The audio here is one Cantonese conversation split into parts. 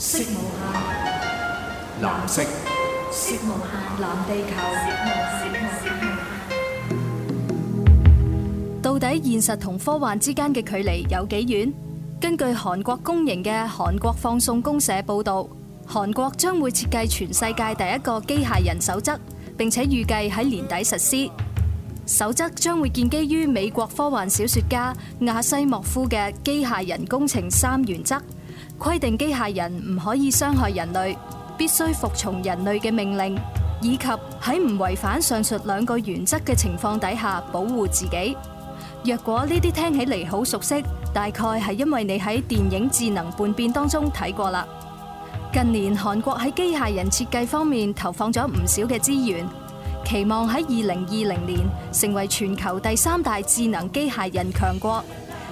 色無限，藍色。色無限，藍地球。到底現實同科幻之間嘅距離有幾遠？根據韓國公營嘅韓國放送公社報道，韓國將會設計全世界第一個機械人守則，並且預計喺年底實施。守則將會建基於美國科幻小說家亞西莫夫嘅機械人工程三原則。規定機械人唔可以傷害人類，必須服從人類嘅命令，以及喺唔違反上述兩個原則嘅情況底下保護自己。若果呢啲聽起嚟好熟悉，大概係因為你喺電影《智能叛變》當中睇過啦。近年韓國喺機械人設計方面投放咗唔少嘅資源，期望喺二零二零年成為全球第三大智能機械人強國。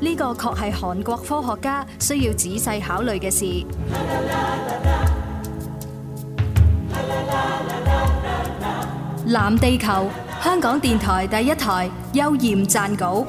呢個確係韓國科學家需要仔細考慮嘅事。 藍地球，香港電台第一台，邱焱撰稿。